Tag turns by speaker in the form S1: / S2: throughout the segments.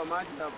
S1: água mais de tá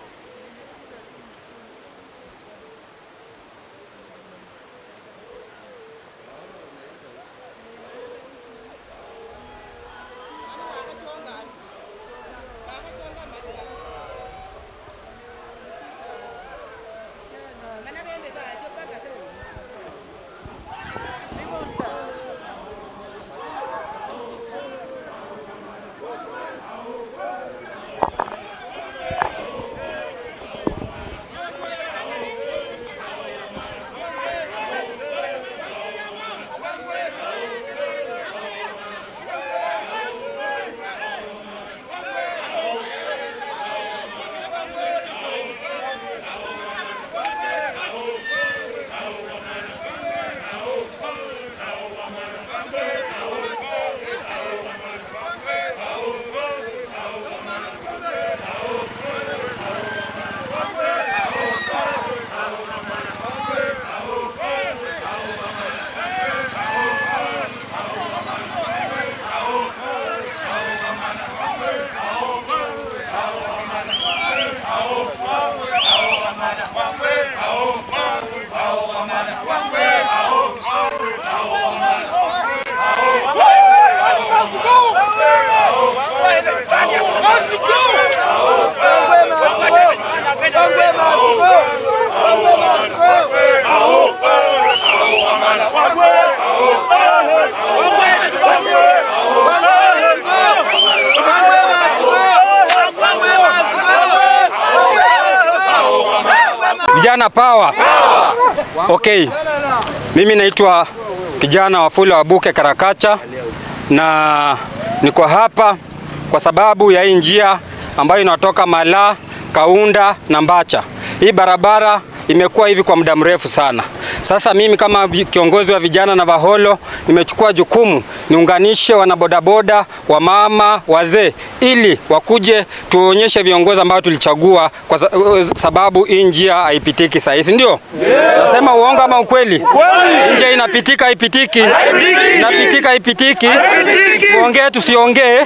S1: Vijana power. Okay. Mimi naitwa kijana Wafula Wabuke Karakacha na niko hapa kwa sababu ya hii njia ambayo inatoka Malaa, Kaunda na Mbacha. Hii barabara imekuwa hivi kwa muda mrefu sana. Sasa mimi kama kiongozi wa vijana na Vaholo nimechukua jukumu niunganishe wanabodaboda, wamama, wazee ili wakuje tuonyeshe viongozi ambao tulichagua, kwa sababu hii njia haipitiki sasa, si ndio? Yeah. Nasema uongo ama ukweli? Njia inapitika haipitiki, inapitika haipitiki, tuongee tusiongee.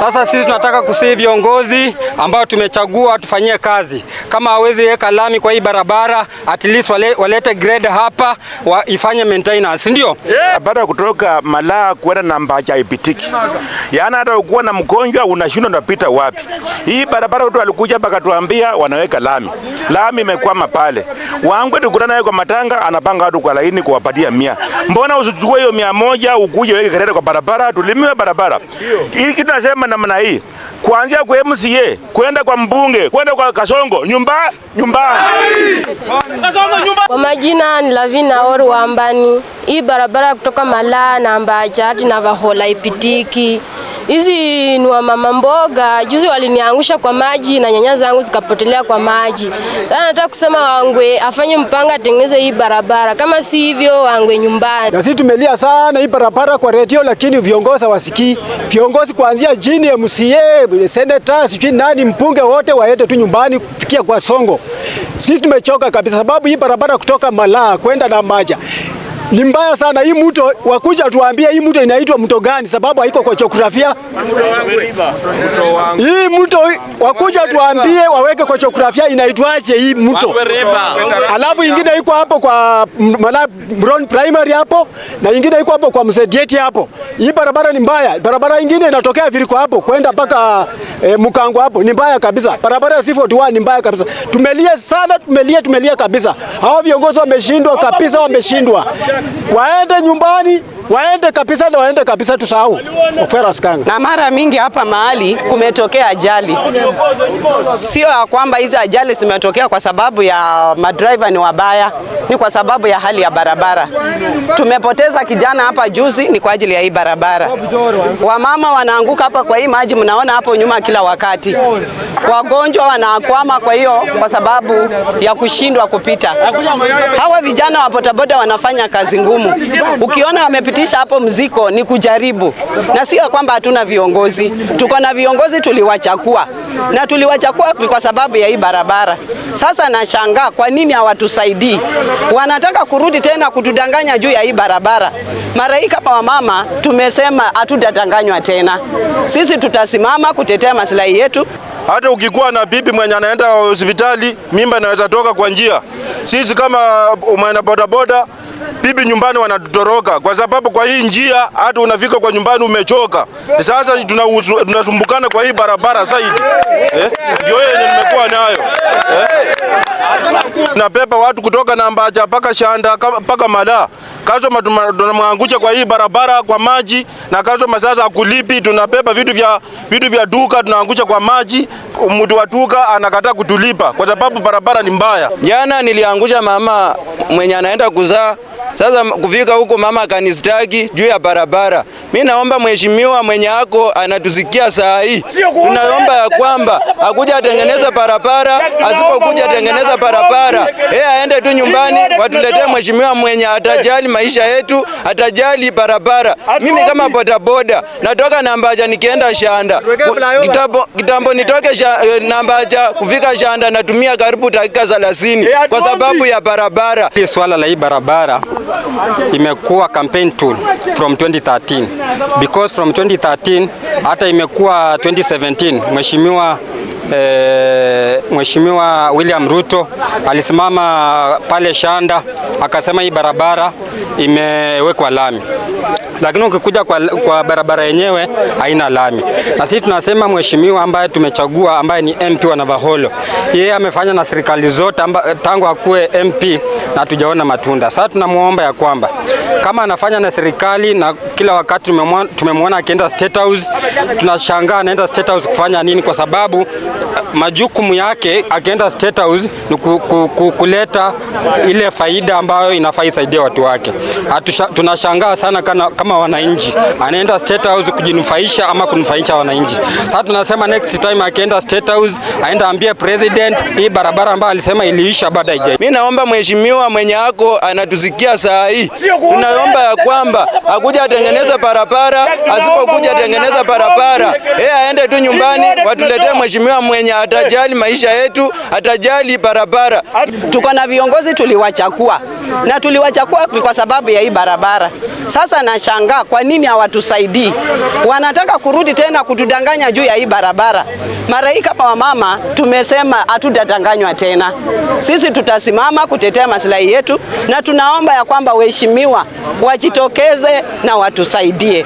S1: Sasa sisi tunataka kusihi viongozi ambao tumechagua tufanyie kazi. Kama hawezi weka lami kwa hii barabara, at least wale, walete grade hapa wa, ifanye maintenance, ndio
S2: yeah. Baada ya kutoka Malaa kwenda na Mbacha ipitiki, yaani hata ukuwa na mgonjwa unashindwa unapita wapi. Hii barabara watu walikuja mpaka tuambia wanaweka lami, lami imekwama pale. Wangu tukutana naye kwa matanga, anapanga watu kwa laini kuwapatia mia. Mbona usichukue hiyo mia moja ukuje weke grade kwa barabara, tulimiwe barabara hii. Kitu nasema namna hii, kuanzia kwa MCA kwenda kwa mbunge kwenda kwa Kasongo nyuma nyumba
S3: nyumbani. Kwa majina ni Lavina Oru Wambani. Hii barabara ya kutoka Malaa na Mbaja hadi Navahola ipitiki Hizi ni wa mama mboga, juzi waliniangusha kwa maji na nyanya zangu zikapotelea kwa maji. Sasa nataka kusema Wangwe afanye mpanga, atengeneze hii barabara, kama si hivyo Wangwe nyumbani.
S1: Na sisi tumelia sana hii barabara kwa redio, lakini viongozi hawasikii. Viongozi kuanzia jini ya MCA, seneta, sijui nani, mpunge, wote waende tu nyumbani kufikia kwa Songo. Sisi tumechoka kabisa, sababu hii barabara kutoka Malaa kwenda na Maja ni mbaya sana hii mto. Wakuja tuambie hii mto inaitwa mto gani, sababu haiko kwa jiografia hii mto. Wakuja tuambie waweke kwa jiografia inaitwaje hii mto. Alafu ingine iko hapo kwa mala Brown Primary hapo na ingine iko hapo kwa Msedieti hapo. Hii barabara ni mbaya, barabara ingine inatokea Viriko hapo kwenda mpaka e, Mkango hapo ni mbaya kabisa. Barabara ya C41 ni mbaya kabisa. Tumelia sana, tumelia tumelia kabisa. Hao viongozi wameshindwa kabisa, wameshindwa waende nyumbani, waende kabisa na waende kabisa, tusahau Ofera Sikang'a.
S4: Na mara mingi hapa mahali kumetokea ajali, sio ya kwamba hizi ajali zimetokea kwa sababu ya madriver ni wabaya, ni kwa sababu ya hali ya barabara. Tumepoteza kijana hapa juzi, ni kwa ajili ya hii barabara. Wamama wanaanguka hapa kwa hii maji, mnaona hapo nyuma kila wakati. Wagonjwa wanakwama kwa hiyo, kwa sababu ya kushindwa kupita. Hawa vijana wa bodaboda wanafanya kazi kazi ngumu. Ukiona wamepitisha hapo mziko ni kujaribu, na sio kwamba hatuna viongozi. Tuko na viongozi, tuliwachakua na tuliwachakua kwa sababu ya hii barabara. Sasa nashangaa kwa nini hawatusaidii. Wanataka kurudi tena kutudanganya juu ya hii barabara. Mara hii kama wamama tumesema hatutadanganywa tena, sisi tutasimama kutetea maslahi yetu.
S2: Hata ukikuwa na bibi mwenye anaenda hospitali, mimba inaweza toka kwa njia. Sisi kama uh, mwana bodaboda bibi nyumbani wanatoroka kwa sababu kwa hii njia hata unafika kwa nyumbani umechoka. Sasa tunasumbukana kwa hii barabara zaidi, eh, ndio eh? yenye nimekuwa nayo eh? tunabeba watu kutoka Nambaja mpaka Shanda mpaka Mala. Kazoma tunamwangusha kwa hii barabara kwa maji, na Kazoma sasa akulipi. Tunabeba vitu vya, vitu vya duka tunaangusha kwa maji, mtu wa duka anakataa kutulipa kwa sababu barabara ni mbaya.
S1: Jana niliangusha mama mwenye anaenda kuzaa sasa kufika huko mama akanistaki juu ya barabara. Mi naomba mheshimiwa mwenye ako anatusikia saa hii, tunaomba ya kwamba akuja atengeneza barabara, asipokuja atengeneza barabara biashara, yeye aende tu nyumbani, watuletee mheshimiwa mwenye atajali maisha yetu, atajali barabara. Mimi kama bodaboda natoka Nambaja nikienda Shanda, kitambo, kitambo nitoke sha, eh, Nambaja kufika Shanda natumia karibu dakika 30 kwa sababu ya barabara.
S5: Hii swala la hii barabara imekuwa campaign tool from 2013 because from 2013 hata imekuwa 2017 mheshimiwa e, Mheshimiwa William Ruto alisimama pale Shanda akasema hii barabara imewekwa lami, lakini ukikuja kwa, kwa barabara yenyewe haina lami, na sisi tunasema mheshimiwa ambaye tumechagua ambaye ni MP wa Navaholo, yeye amefanya na serikali zote tangu akuwe MP na tujaona matunda. Sasa tunamwomba ya kwamba kama anafanya na serikali, na kila wakati tumemwona akienda State House, tunashangaa anaenda State House kufanya nini? Kwa sababu majukumu yake akienda State House ni kuleta ile faida ambayo inafaa isaidie watu wake. Tunashangaa sana kana, kama wananchi anaenda State House kujinufaisha ama kunufaisha wananchi. Sasa tunasema next time akienda State House aenda ambie president hii barabara ambayo alisema iliisha baada ya.
S1: Mimi naomba mheshimiwa mwenye ako anatusikia saa hii, tunaomba ya kwamba akuja atengeneza barabara, asipokuja atengeneza barabara yeye aende tu nyumbani, watuletee mheshimiwa mwenye atajali maisha yetu, atajali barabara.
S4: Tuko na viongozi tuliwachakua, na tuliwachakua kwa sababu ya hii barabara. Sasa nashangaa kwa nini hawatusaidii, wanataka kurudi tena kutudanganya juu ya hii barabara. Mara hii kama wamama tumesema hatutadanganywa tena, sisi tutasimama kutetea maslahi yetu, na tunaomba ya kwamba waheshimiwa wajitokeze na watusaidie.